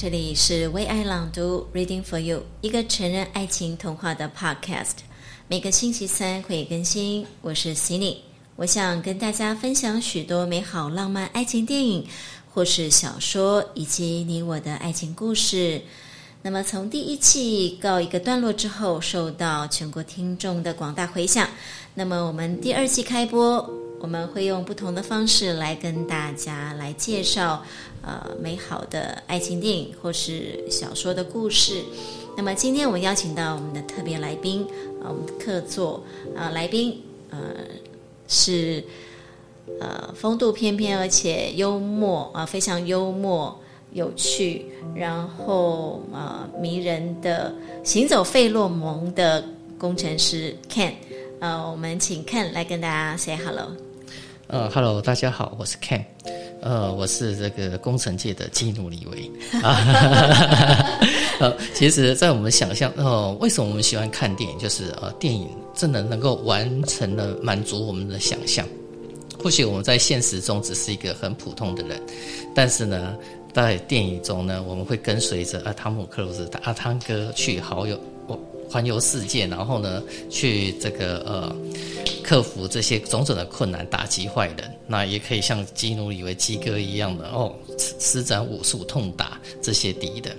這裡是為愛朗讀 （Reading for You），一個成人愛情童話的 Podcast，每個星期三會更新。我是 Cindy，我想跟大家分享許多美好浪漫愛情電影，或是小說，以及你我的愛情故事。那麼從第一季告一個段落之後，受到全國聽眾的廣大回響。那麼我們第二季開播。我們會用不同的方式來跟大家來介紹，呃，美好的愛情電影或是小說的故事。那麼，今天我們邀請到我們的特別來賓，啊，我們的客座，啊，來賓，呃，是呃風度翩翩而且幽默，啊，非常幽默、有趣，然後呃、啊、迷人的行走費洛蒙的工程師 Ken。呃、啊，我們請 Ken 來跟大家 say hello。呃、uh,，Hello，大家好，我是 Ken，呃，uh, 我是這個工程界的基努·李維啊。呃，其實，在我們想象，呃、uh,，為什麼我們喜歡看電影？就是呃，uh, 電影真的能夠完成了滿足我們的想象。或許我們在現實中只是一個很普通的人，但是呢，在電影中呢，我們會跟隨着阿湯姆·克魯斯、阿湯哥去好友我環遊世界，然後呢，去這個呃。Uh, 克服這些種種的困難，打擊壞人，那也可以像基努里維基哥一樣的哦，施展武術痛打這些敵人。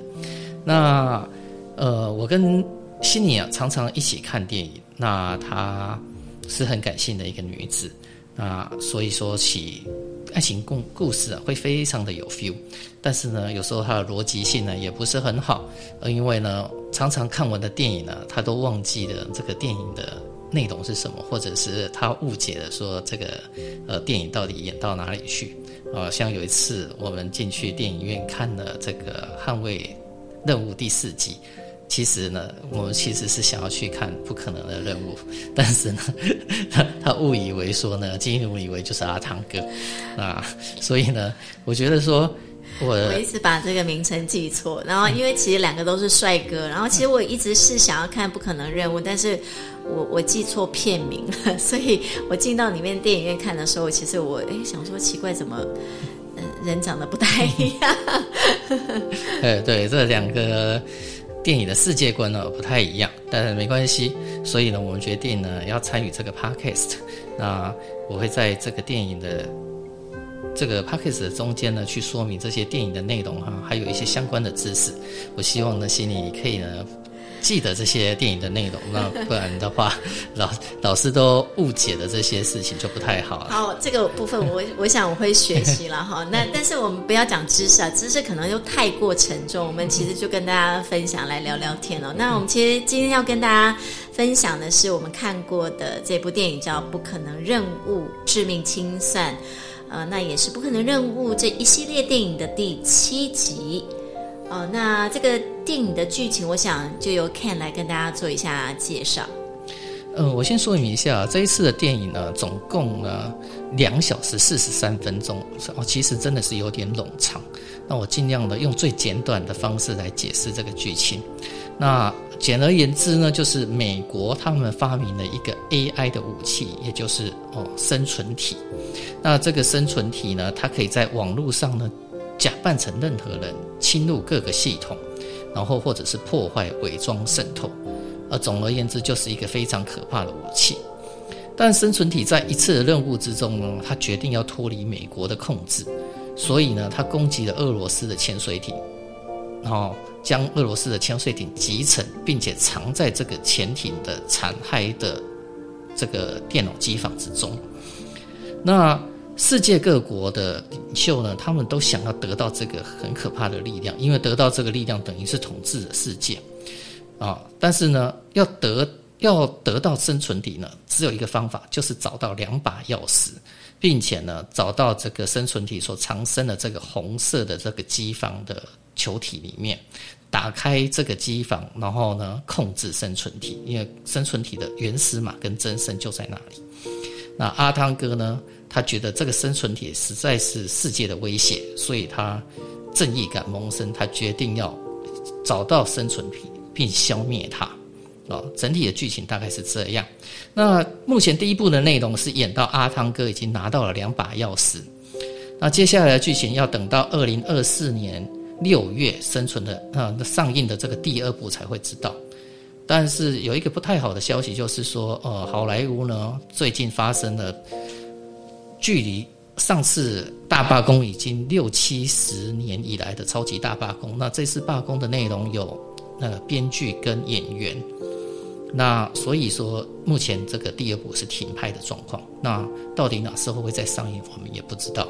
那呃，我跟希尼啊常常一起看電影，那她是很感性的一個女子，那所以說起愛情故故事啊，會非常的有 feel。但是呢，有時候她的邏輯性呢也不是很好，因為呢常常看完的電影呢，她都忘記了這個電影的。內容是什麼，或者是他誤解了說這個呃電影到底演到哪裡去啊、呃？像有一次我們進去電影院看了這個《捍衛任務》第四集，其實呢，我們其實是想要去看《不可能的任務》，但是呢，他他誤以為說呢，僅僅誤以為就是阿湯哥啊，所以呢，我覺得說。我，我一直把這個名稱記錯，然後因為其實兩個都是帥哥，然後其實我一直是想要看《不可能任務》，但是我我記錯片名了，所以我進到裡面電影院看的時候，其實我誒想說奇怪怎麼，嗯、呃、人長得不太一樣。呃對，這兩個電影的世界觀呢不太一樣，但是沒關係，所以呢我們決定呢要參與這個 podcast，那我會在這個電影的。這個 Podcast 的中間呢，去說明這些電影的內容哈，還有一些相關的知識。我希望呢，心裡可以呢記得這些電影的內容，那不然的話， 老老師都誤解了這些事情就不太好了。好，這個部分我我想我會學習了哈。 那但是我們不要講知識啊，知識可能又太過沉重。我們其實就跟大家分享 來聊聊天哦。那我們其實今天要跟大家分享的是我們看過的這部電影叫《不可能任務：致命清算》。呃，那也是不可能任務這一系列電影的第七集。哦、呃，那這個電影的劇情，我想就由 Ken 來跟大家做一下介紹。呃，我先說明一下，這一次的電影呢，總共呢兩小時四十三分鐘。哦，其實真的是有點冗長，那我盡量的用最簡短的方式來解釋這個劇情。那簡而言之呢，就是美國他們發明了一個 AI 的武器，也就是哦生存體。那這個生存體呢，它可以在網絡上呢假扮成任何人，侵入各個系統，然後或者是破壞、偽裝、滲透。而總而言之，就是一個非常可怕的武器。但生存體在一次的任務之中呢，它決定要脫離美國的控制，所以呢，它攻擊了俄羅斯的潛水艇。然後將俄羅斯的潛水艇集成，並且藏在這個潛艇的殘骸的這個電腦機房之中。那世界各國的領袖呢，他們都想要得到這個很可怕的力量，因為得到這個力量等於是統治的世界啊。但是呢，要得。要得到生存體呢，只有一個方法，就是找到兩把鑰匙，並且呢，找到這個生存體所藏身的這個紅色的這個機房的球體裡面，打開這個機房，然後呢，控制生存體，因為生存體的原始碼跟真身就在那裡。那阿湯哥呢，他覺得這個生存體實在是世界的威脅，所以他正義感萌生，他決定要找到生存體並消滅它。整體的劇情大概是這樣。那目前第一部的內容是演到阿湯哥已經拿到了兩把鑰匙。那接下來的劇情要等到二零二四年六月生存的啊，呃，上映的這個第二部才會知道。但是有一個不太好的消息，就是說呃，好萊塢呢最近發生了距離上次大罷工已經六七十年以來的超級大罷工。那這次罷工的內容有那個編劇跟演員。那所以說，目前這個第二部是停拍的狀況。那到底哪時候會再上映，我們也不知道。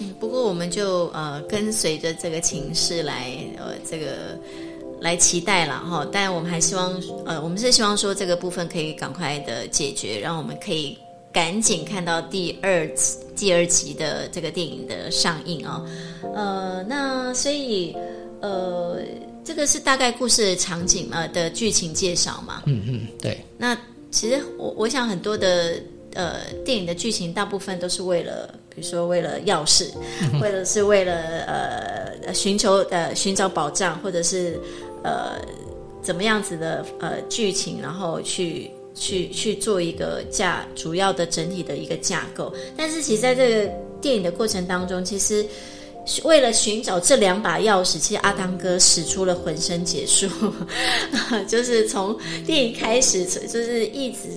嗯，不過我們就呃跟隨着這個情勢來呃這個來期待了哈、哦。但我們還希望呃我們是希望說這個部分可以趕快的解決，讓我們可以趕緊看到第二第二集的這個電影的上映啊、哦。呃，那所以呃。這個是大概故事的場景呃的劇情介紹嘛？嗯嗯，對。那其實我我想很多的呃電影的劇情大部分都是為了，比如說為了鑰匙，呵呵或者是為了呃尋求呃尋找寶藏，或者是呃怎麼樣子的呃劇情，然後去去去做一個架主要的整體的一個架構。但是其實在這個電影的過程當中，其實。為了尋找這兩把鑰匙，其實阿湯哥使出了渾身解數，呵呵，就是從電影開始，就是一直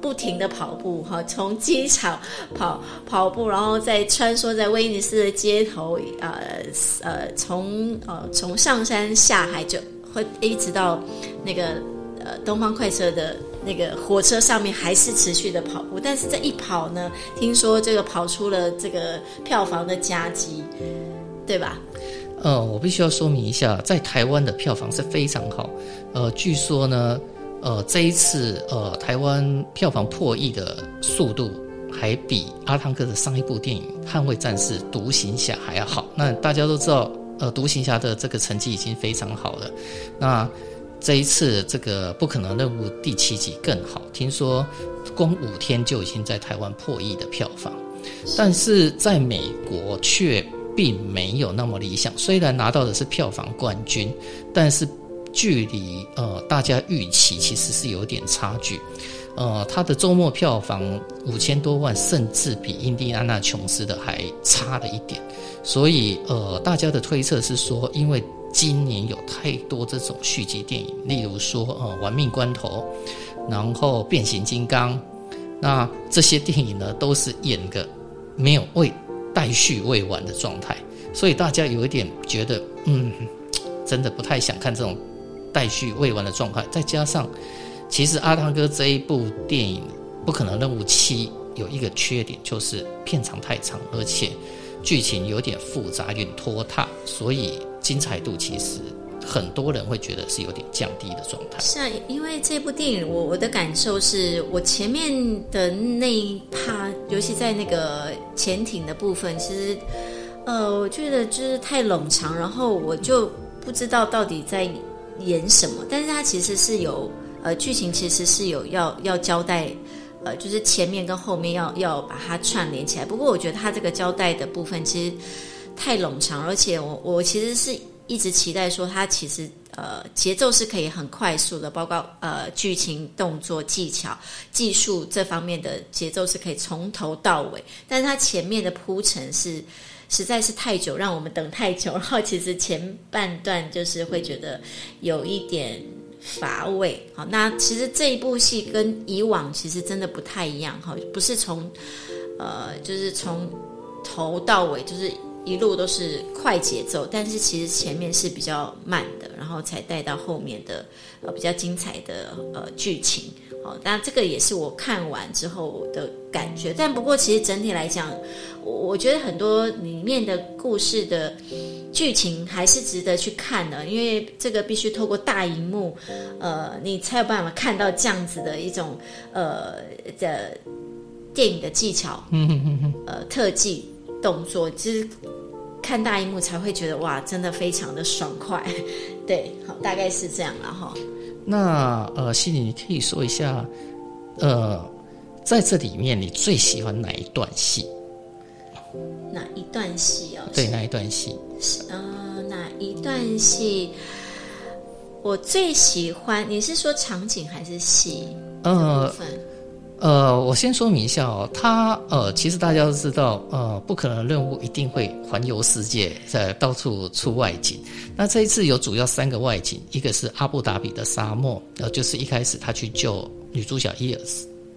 不停的跑步哈，從機場跑跑步，然後再穿梭在威尼斯的街頭，呃呃，從呃從上山下海就會一直到那個呃東方快車的那個火車上面，還是持續的跑步。但是這一跑呢，聽說這個跑出了這個票房的佳績。對吧？呃，我必須要說明一下，在台灣的票房是非常好。呃，據說呢，呃，這一次呃，台灣票房破億的速度還比阿湯哥的上一部電影《捍衛戰士：獨行俠》還要好。那大家都知道，呃，獨行俠的這個成績已經非常好了。那這一次這個不可能任務第七集更好，聽說光五天就已經在台灣破億的票房，但是在美國卻並沒有那麼理想，雖然拿到的是票房冠軍，但是距離呃大家預期其實是有點差距。呃，他的周末票房五千多萬，甚至比《印第安納瓊斯》的還差了一點。所以呃，大家的推測是說，因為今年有太多這種續集電影，例如說呃《玩命關頭》，然後《變形金剛》，那這些電影呢都是演個沒有味。待續未完的狀態，所以大家有一點覺得，嗯，真的不太想看這種待續未完的狀態。再加上，其實阿湯哥這一部電影不可能任務七有一個缺點，就是片長太長，而且劇情有點複雜，有點拖沓，所以精彩度其實。很多人會覺得是有點降低的狀態。是啊，因為這部電影，我我的感受是我前面的那一趴，尤其在那個潛艇的部分，其實呃，我覺得就是太冗長，然後我就不知道到底在演什麼。但是它其實是有呃，劇情其實是有要要交代，呃，就是前面跟後面要要把它串聯起來。不過我覺得它這個交代的部分其實太冗長，而且我我其實是。一直期待說，它其實呃節奏是可以很快速的，包括呃劇情、動作、技巧、技術這方面的節奏是可以從頭到尾，但是它前面的鋪陳是實在是太久，讓我們等太久，然後其實前半段就是會覺得有一點乏味。好，那其實這一部戲跟以往其實真的不太一樣。哈，不是從呃就是從頭到尾就是一路都是快節奏，但是其實前面是比較慢的，然後才帶到後面的呃比較精彩的呃劇情。好、哦，那這個也是我看完之後的感覺。但不過其實整體來講，我，我覺得很多裡面的故事的劇情還是值得去看的、啊，因為這個必須透過大熒幕，呃，你才有辦法看到這樣子的一種呃的電影的技巧，嗯 呃特技。動作，其實看大熒幕才會覺得哇，真的非常的爽快，對，好，大概是這樣了哈。那呃，心里，你可以說一下，呃，在這裡面你最喜歡哪一段戲？哪一段戲哦，對、嗯，哪一段戲？是啊，哪一段戲？我最喜歡，你是說場景還是戲？呃。呃，我先說明一下哦，他呃，其實大家都知道，呃，不可能的任務一定會環遊世界，在到處出外景。那這一次有主要三個外景，一個是阿布達比的沙漠，呃，就是一開始他去救女主角伊爾，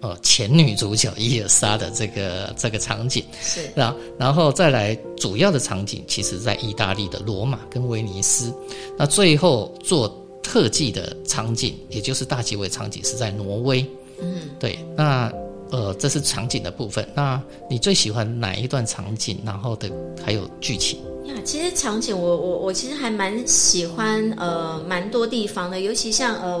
呃，前女主角伊爾莎的這個這個場景。是。那然，然後再來主要的場景，其實在意大利的羅馬跟威尼斯。那最後做特技的場景，也就是大結尾場景，是在挪威。嗯，對，那呃，這是場景的部分。那你最喜歡哪一段場景？然後的還有劇情呀？其實場景我，我我我其實還蠻喜歡呃蠻多地方的，尤其像呃，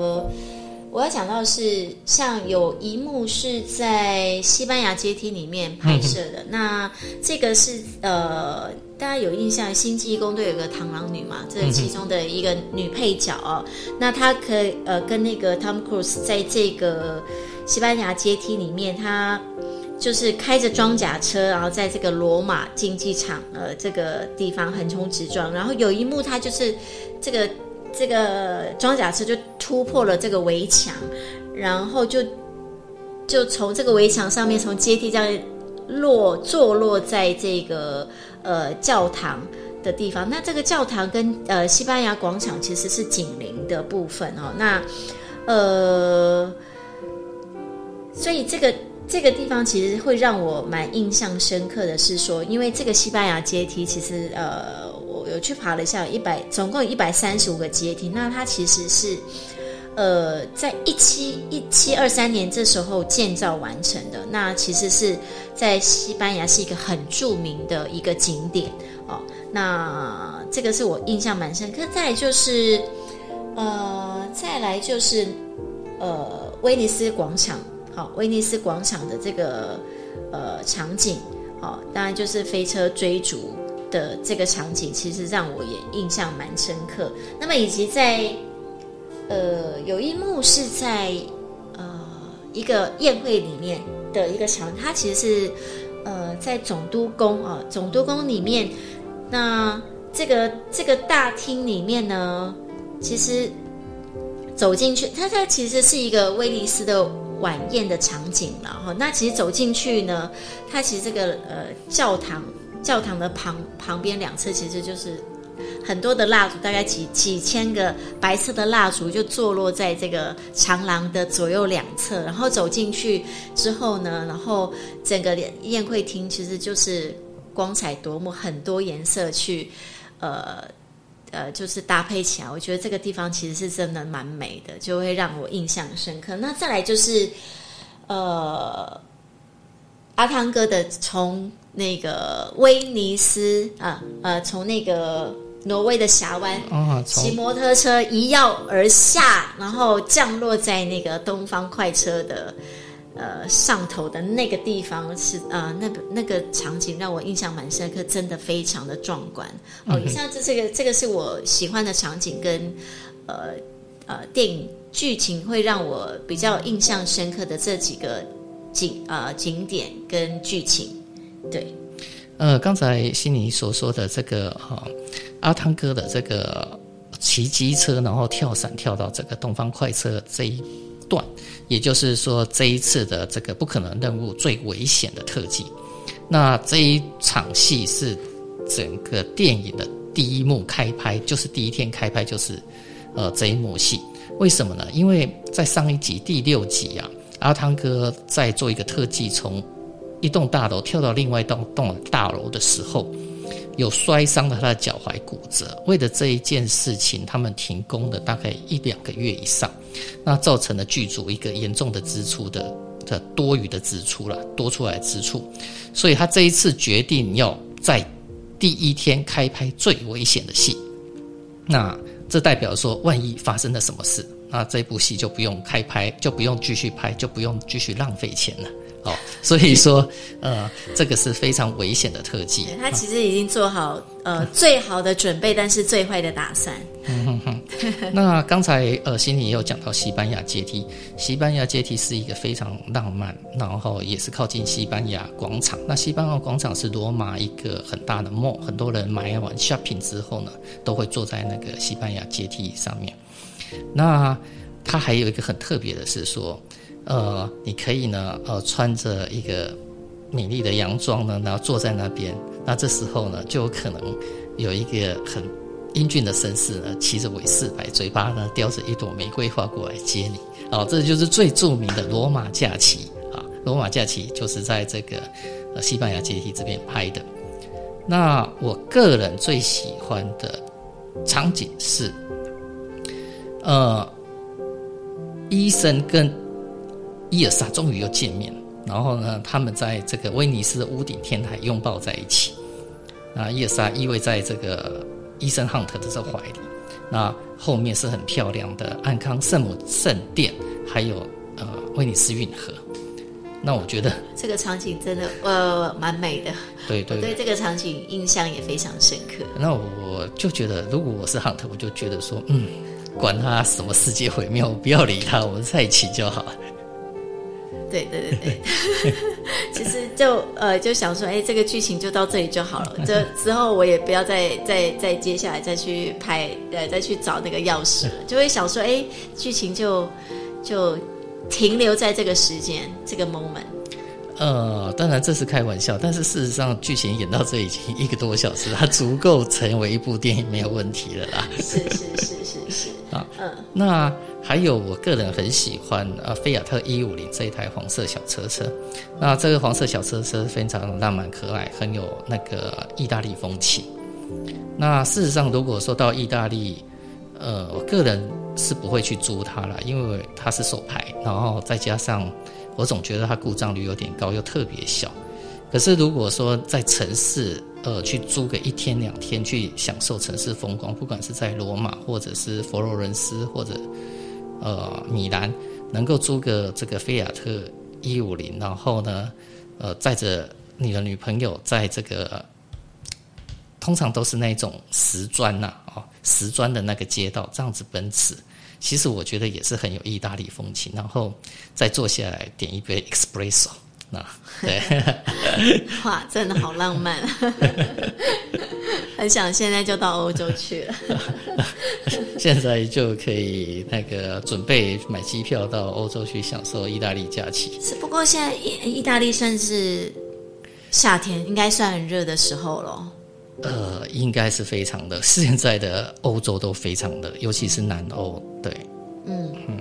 我要講到是像有一幕是在西班牙階梯裡面拍攝的。嗯、哼那這個是呃，大家有印象，《星際異攻隊》有個螳螂女嘛，這個、其中的一個女配角、哦。嗯、哼那她可以呃，跟那個 Tom Cruise 在這個。西班牙階梯裡面，他就是開着裝甲車，然後在這個羅馬競技場呃這個地方橫衝直撞。然後有一幕，他就是這個這個裝甲車就突破了這個圍牆，然後就就從這個圍牆上面從階梯這樣落坐落在這個呃教堂的地方。那這個教堂跟呃西班牙廣場其實是緊鄰的部分哦。那呃。所以這個這個地方其實會讓我蠻印象深刻的是說，因為這個西班牙階梯其實呃，我有去爬了一下，一百總共一百三十五個階梯。那它其實是呃，在一七一七二三年這時候建造完成的。那其實是在西班牙是一個很著名的一個景點哦。那這個是我印象蠻深刻，再就是呃，再來就是呃，威尼斯廣場。好，威尼斯廣場的這個呃場景，好、哦，當然就是飛車追逐的這個場景，其實讓我也印象蠻深刻。那麼，以及在呃有一幕是在呃一個宴會裡面的一個場，它其實是呃在總督宮啊、哦，總督宮裡面，那這個這個大廳裡面呢，其實走進去，它它其實是一個威尼斯的。晚宴的場景，然後那其實走進去呢，它其實這個呃教堂，教堂的旁旁邊兩側其實就是很多的蠟燭，大概幾幾千個白色的蠟燭就坐落在這個長廊的左右兩側，然後走進去之後呢，然後整個宴會廳其實就是光彩奪目，很多顏色去呃。呃，就是搭配起來，我覺得這個地方其實是真的蠻美的，就會讓我印象深刻。那再來就是，呃，阿湯哥的從那個威尼斯啊，呃，從那個挪威的峽灣，騎摩托車一躍而下，然後降落在那個東方快車的。呃，上頭的那個地方是呃，那個那個場景讓我印象蠻深刻，真的非常的壯觀哦。以上這這個這個是我喜歡的場景跟，呃呃，電影劇情會讓我比較印象深刻的這幾個景呃，景點跟劇情，對。呃，剛才悉尼所說的這個哈、哦，阿湯哥的這個騎機車然後跳傘跳到這個東方快車這一斷，也就是說，這一次的這個不可能任務最危險的特技，那這一場戲是整個電影的第一幕開拍，就是第一天開拍就是呃這一幕戲。為什麼呢？因為在上一集第六集啊，阿湯哥在做一個特技，從一棟大樓跳到另外一棟棟大樓的時候，有摔傷了他的腳踝骨折。為了這一件事情，他們停工了大概一兩個月以上。那造成了劇組一個嚴重的支出的這多餘的支出了多出來支出，所以他這一次決定要在第一天開拍最危險的戲，那這代表說萬一發生了什麼事，那這部戲就不用開拍，就不用繼續拍，就不用繼續浪費錢了。好、 哦、所以說，呃，這個是非常危險的特技。他 其實已經做好呃最好的準備，但是最壞的打算。 嗯、哼哼，那剛才呃，心裡也有講到西班牙階梯。西班牙階梯是一個非常浪漫，然後也是靠近西班牙廣場。那西班牙廣場是羅馬一個很大的夢。很多人買完 shopping 之後呢，都會坐在那個西班牙階梯上面。那它還有一個很特別的是說。呃，你可以呢，呃，穿着一個美麗的洋裝呢，然後坐在那邊。那這時候呢，就有可能有一個很英俊的紳士呢，騎着偉士牌，嘴巴呢叼着一朵玫瑰花過來接你。哦，這就是最著名的羅馬假期啊、哦！羅馬假期就是在這個西班牙階梯這邊拍的。那我個人最喜歡的場景是，呃，醫生跟。伊爾莎終於又見面，然後呢，他們在這個威尼斯的屋頂天台擁抱在一起。那伊爾莎依偎在這個伊森漢特的這懷裡。那後面是很漂亮的安康聖母聖殿，還有呃威尼斯運河。那我覺得這個場景真的呃哇哇哇蠻美的。對，對對，對，我對這個場景印象也非常深刻。那我就覺得，如果我是漢特，我就覺得說，嗯，管他什麼世界毀滅，我不要理他，我們在一起就好了。對對對對，其實就呃就想說，欸，這個劇情就到這裡就好了，這之後我也不要再再再接下來再去拍，呃，再去找那個鑰匙了，就會想說，欸，劇情就就停留在這個時間這個 moment。呃，當然這是開玩笑，但是事實上劇情演到這裡已經一個多小時，它足夠成為一部電影沒有問題了啦。是是是是是是。啊，好，嗯，那。還有，我個人很喜歡呃，菲亞特一五零這一台黃色小車車。那這個黃色小車車非常浪漫可愛，很有那個意大利風情。那事實上，如果說到意大利，呃，我個人是不會去租它啦，因為它是手排，然後再加上我總覺得它故障率有點高，又特別小。可是如果說在城市，呃，去租個一天兩天去享受城市風光，不管是在羅馬，或者是佛羅倫斯，或者。呃，米蘭能夠租個這個菲亞特一五零，然後呢，呃，載着你的女朋友在這個、呃，通常都是那種石磚吶、啊，哦，石磚的那個街道，這樣子奔馳，其實我覺得也是很有意大利風情，然後再坐下來點一杯 espresso。 啊、對 哇，真的好浪漫， 很想現在就到歐洲去了。 現在就可以那個準備買機票到歐洲去享受意大利假期。只不過現在意意大利算是夏天，應該算很熱的時候了。呃，應該是非常的，現在的歐洲都非常的，尤其是南歐。對，嗯，嗯，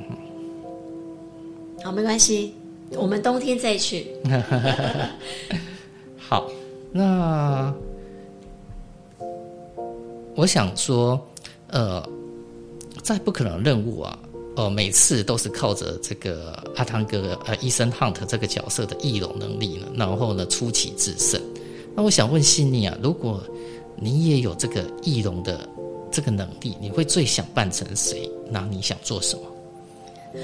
好，沒關係。我們冬天再去。 好，那我想說，呃，在不可能任務啊，哦、呃，每次都是靠着這個阿湯哥呃，Ethan Hunt 這個角色的易容能力呢，然後呢，出奇制勝。那我想問細你啊，如果你也有這個易容的這個能力，你會最想扮成誰？那你想做什麼？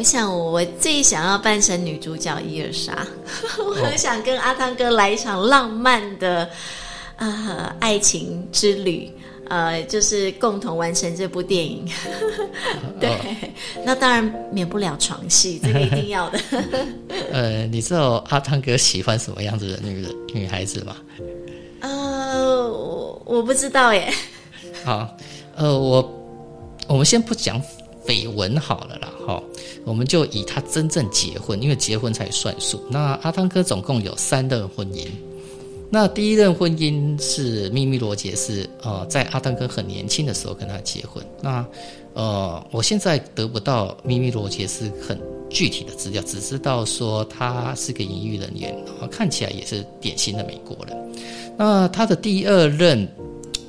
我想，我最想要扮成女主角伊爾莎。 我很想跟阿湯哥來一場浪漫的、呃、愛情之旅，呃，就是共同完成這部電影。 對，那當然免不了床戲，這個一定要的。 呃，你知道阿湯哥喜歡什麼樣子的女人女孩子嗎？呃，我我不知道耶。 好，呃，我我們先不講緋聞好了啦，好，我們就以他真正結婚，因為結婚才算數。那阿湯哥總共有三任婚姻，那第一任婚姻是咪咪羅傑斯，是呃，在阿湯哥很年輕的時候跟他結婚。那呃，我現在得不到咪咪羅傑斯是很具體的資料，只知道說他是個演藝人員，看起來也是典型的美國人。那他的第二任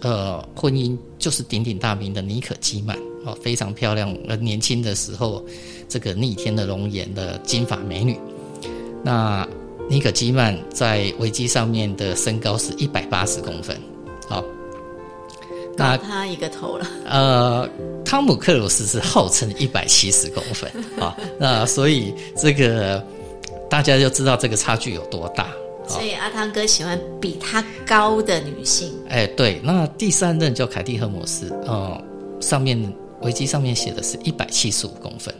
呃婚姻就是鼎鼎大名的妮可基嫚。哦，非常漂亮。呃，年輕的時候，這個逆天的容顏的金髮美女。那妮可基曼在維基上面的身高是一百八十公分。好，打她一個頭了。呃，湯姆克魯斯是號稱一百七十公分啊、 哦。那所以這個大家就知道這個差距有多大。所以阿湯哥喜歡比他高的女性。哎、欸，對。那第三任叫凱蒂·赫姆斯。哦、呃，上面。維基上面寫的是一百七十五公分，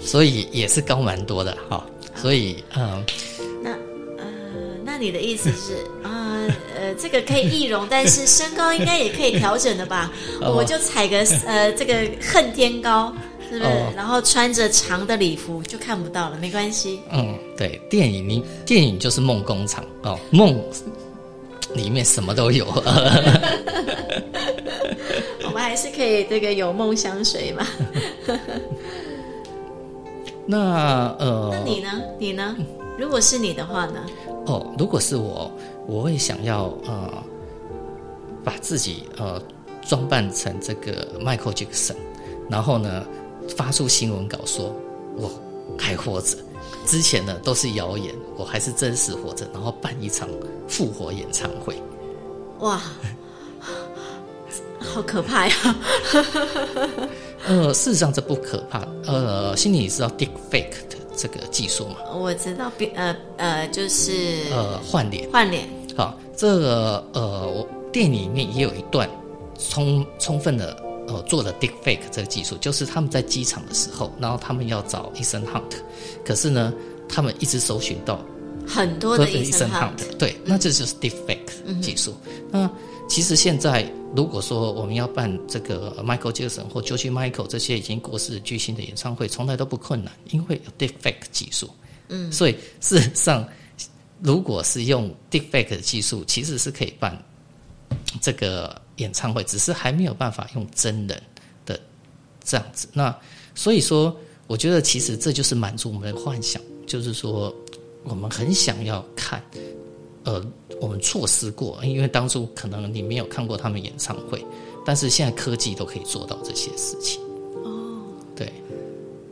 所以也是高蠻多的哈，好所以嗯，那呃，那你的意思是，啊 呃，呃，這個可以易容，但是身高應該也可以調整的吧？哦、我就踩個呃這個恨天高，是不是？哦、然後穿着長的禮服就看不到了，沒關係。嗯，對，電影，你電影就是夢工廠、哦、夢裡面什麼都有。 還是可以這個有夢相隨嘛？ 那呃，那你呢？你呢？如果是你的話呢？哦，如果是我，我會想要呃，把自己呃裝扮成這個 Michael Jackson，然後呢，發出新聞稿說我還活着，之前呢都是謠言，我還是真實活着，然後辦一場復活演唱會。哇！好可怕呀！ 呃，事實上這不可怕。呃，心裡，你知道 deep fake 的這個技術嗎？我知道，變呃呃就是呃換臉換臉。換臉好，這個、呃電影裡面也有一段充充分的呃做了 deep fake 這個技術，就是他們在機場的時候，然後他們要找 Ethan Hunt，可是呢他們一直搜尋到很多的 Ethan Hunt，對，那這就是 deep fake 的技術。嗯、哼那其實現在，如果說我們要辦這個 Michael Jackson 或 George Michael 這些已經過世巨星的演唱會，從來都不困難，因為有 Deepfake 技術。嗯，所以事實上，如果是用 Deepfake 技術，其實是可以辦這個演唱會，只是還沒有辦法用真人的這樣子。那所以說，我覺得其實這就是滿足我們的幻想，就是說我們很想要看。呃，我們錯失過，因為當初可能你沒有看過他們演唱會，但是現在科技都可以做到這些事情。哦，對，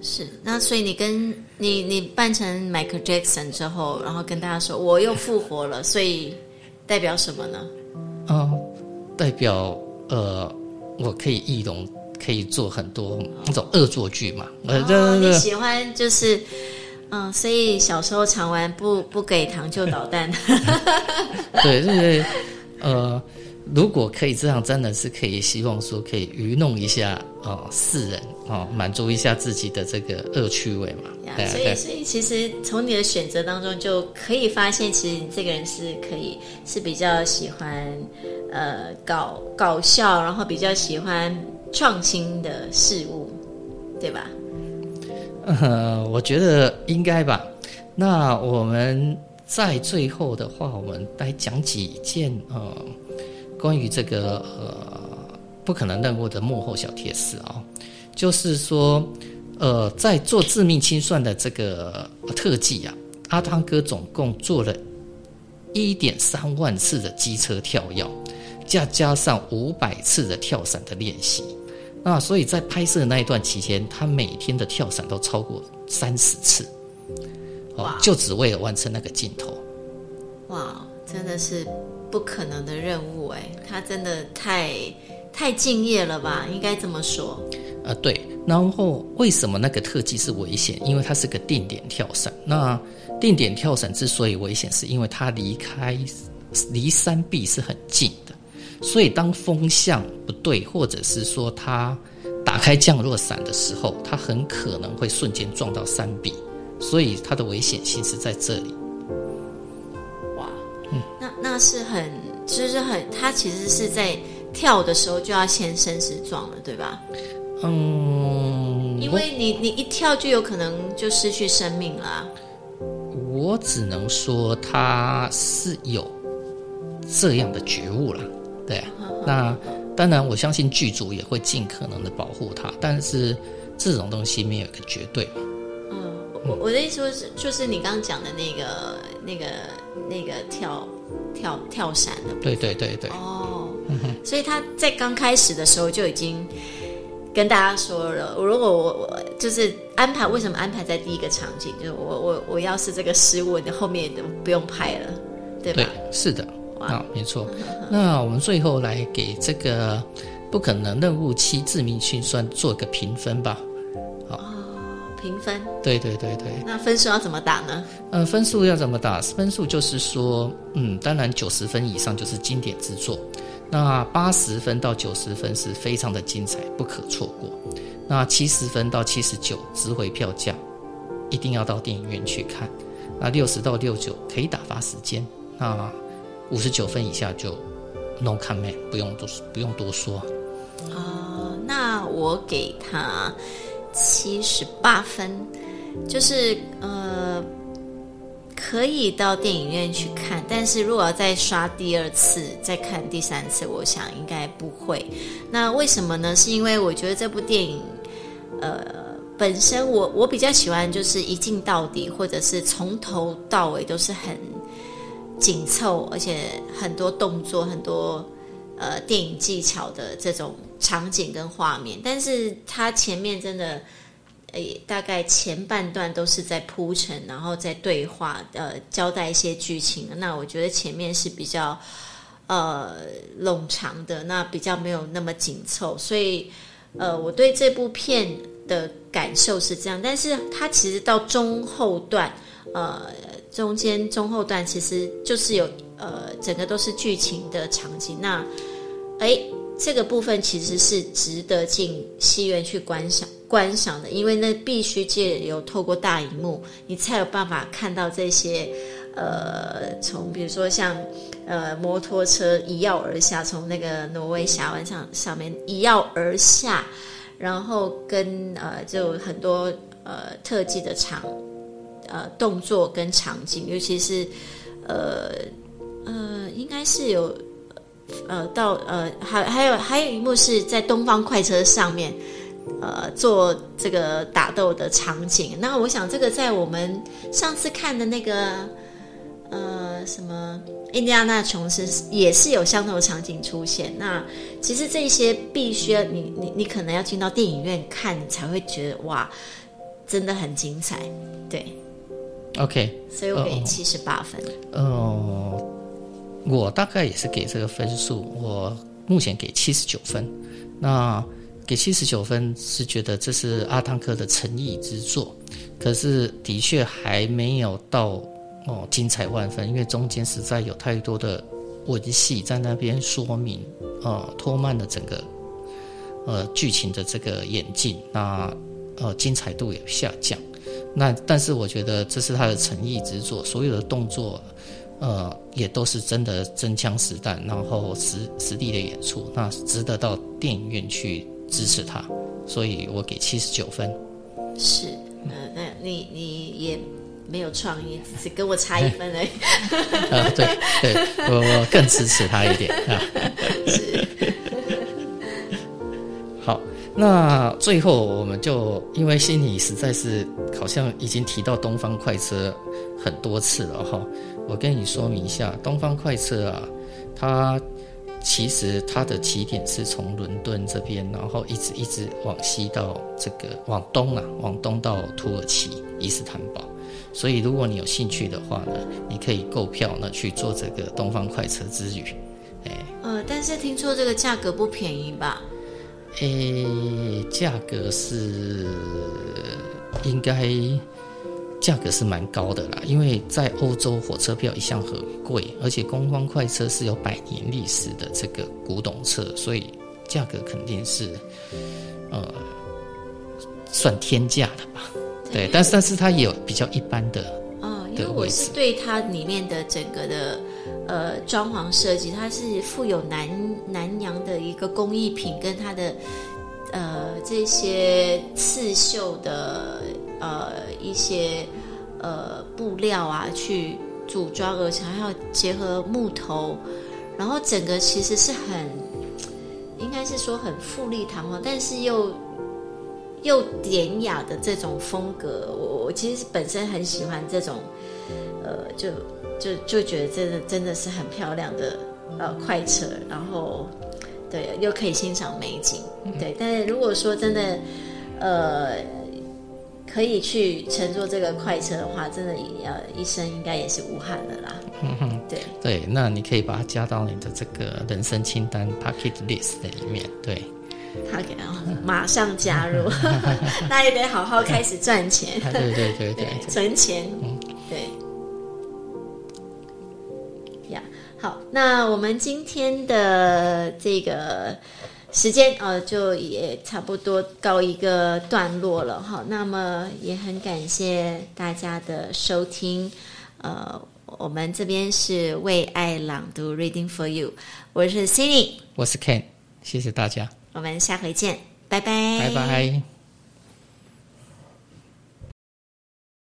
是，那所以你跟你你扮成 Michael Jackson 之後，然後跟大家說，我又復活了，對所以代表什麼呢？嗯、呃，代表呃，我可以易容，可以做很多那種惡作劇嘛。哦呃哦、你喜歡就是。嗯，所以小時候常玩不不給糖就搗蛋 對。對，所以呃，如果可以這樣，真的是可以希望說可以愚弄一下哦，呃、世人哦，滿足一下自己的這個惡趣味嘛。嗯、對所以，所以其實從你的選擇當中就可以發現，其實你這個人是可以是比較喜歡呃搞搞笑，然後比較喜歡創新的事物，對吧？呃，我覺得應該吧。那我們在最後的話，我們再講幾件呃，關於這個呃不可能任務的幕後小貼士啊、哦，就是說，呃，在做致命清算的這個特技啊，阿湯哥總共做了一點三萬次的機車跳躍，再加上五百次的跳傘的練習。那所以在拍攝的那一段期間，他每天的跳傘都超過三十次，哇，就只為了完成那個鏡頭。哇，真的是不可能的任務哎，他真的太太敬業了吧，應該這麼說。呃，對。然後為什麼那個特技是危險？因為它是個定點跳傘。那定點跳傘之所以危險，是因為它離開離山壁是很近的。所以，當風向不對，或者是說他打開降落傘的時候，他很可能會瞬間撞到山壁，所以它的危險性是在這裡。哇，嗯，那那是很，就是很，他其實是在跳的時候就要先生死狀了，對吧？嗯，因為你我你一跳就有可能就失去生命了啊。我只能說他是有這樣的覺悟啦。對，那當然，我相信劇組也會盡可能的保護他，但是這種東西沒有一個絕對。嗯，我的意思是，就是你剛剛講的那個、那個、那個跳跳跳傘的。對對對對。哦，所以他在剛開始的時候就已經跟大家說了，我如果我我就是安排，為什麼安排在第一個場景？就是我我我要是這個失誤，你後面都不用拍了，對吧？對，是的。啊，沒錯。那我們最後來給這個不可能任務七致命清算做一個評分吧。哦，評分。對對對對。那分數要怎麼打呢？嗯、呃，分數要怎麼打？分數就是說，嗯，當然九十分以上就是經典之作。那八十分到九十分是非常的精彩，不可錯過。那七十分到七十九值回票價，一定要到電影院去看。那六十到六九可以打發時間。那五十九分以下就 no comment，不用多說不用多說。啊、哦，那我給他七十八分，就是呃可以到電影院去看，但是如果要再刷第二次、再看第三次，我想應該不會。那為什麼呢？是因為我覺得這部電影，呃，本身我我比較喜歡，就是一鏡到底，或者是從頭到尾都是很。緊湊，而且很多動作、很多呃電影技巧的這種場景跟畫面，但是它前面真的，呃、欸，大概前半段都是在鋪陳，然後再對話，呃，交代一些劇情。那我覺得前面是比較呃冗長的，那比較沒有那麼緊湊，所以呃，我對這部片的感受是這樣。但是它其實到中後段，呃。中間中後段其實就是有呃，整個都是劇情的場景。那哎，這個部分其實是值得進戲院去觀賞觀賞的，因為那必須借由透過大熒幕，你才有辦法看到這些呃，從比如說像呃摩托車一躍而下，從那個挪威峽灣上、上面一躍而下，然後跟呃就很多呃特技的場。呃，動作跟場景，尤其是，呃，呃，應該是有，呃，到呃，還還有還有一幕是在東方快車上面，呃，做這個打鬥的場景。那我想，這個在我們上次看的那個，呃，什麼印第安納瓊斯也是有相同的場景出現。那其實這些必須要你你你可能要進到電影院看，才會覺得哇，真的很精彩，對。OK，所以我給七十八分。呃、嗯嗯，我大概也是給這個分數。我目前給七十九分，那給七十九分是覺得這是阿湯哥的誠意之作，可是的確還沒有到哦，精彩萬分，因為中間實在有太多的吻戲在那邊說明，哦，拖慢了整個呃劇情的這個演進，那呃精彩度也下降。那但是我覺得這是他的誠意之作，所有的動作，呃，也都是真的真槍實彈，然後實實地的演出，那值得到電影院去支持他，所以我給七十九分。是，嗯，你你也沒有創意，只跟我差一分而已，欸哎。啊，對，對我我更支持他一點。啊是那最後，我們就因為心裡實在是好像已經提到東方快車很多次了哈，我跟你說明一下，東方快車啊，它其實它的起點是從倫敦這邊，然後一直一直往西到這個往東啊，往東到土耳其伊斯坦堡。所以如果你有興趣的話呢，你可以購票呢去坐這個東方快車之旅，誒、欸，呃，但是聽說這個價格不便宜吧？誒，價格是應該價格是蠻高的啦，因為在歐洲火車票一向很貴，而且東方快車是有百年歷史的這個古董車，所以價格肯定是呃算天價的吧。對，但是對但是它也有比較一般的。因為我是對它裡面的整個的，呃，裝潢設計，它是富有南南洋的一個工藝品，跟它的呃這些刺繡的呃一些呃布料啊，去組裝，而且還要結合木頭，然後整個其實是很，應該是說很富麗堂皇，但是又。又典雅的這種風格，我我其實本身很喜歡這種，呃，就就就覺得真的真的是很漂亮的呃快車，然後對，又可以欣賞美景，對。嗯、但是如果說真的呃，可以去乘坐這個快車的話，真的呃一生應該也是無憾的啦。對、嗯哼，對對，那你可以把它加到你的這個人生清單 pocket list 裡面，對。他給啊，馬上加入，那 也得好好開始賺錢。 對對對，對，對存錢，嗯、對呀。Yeah, 好，那我們今天的這個時間啊、呃，就也差不多告一個段落了哈。那麼也很感謝大家的收聽。呃，我們這邊是為愛朗讀 （Reading for You），我是 Cindy，我是 Ken，謝謝大家。我們下回見，拜拜。拜拜。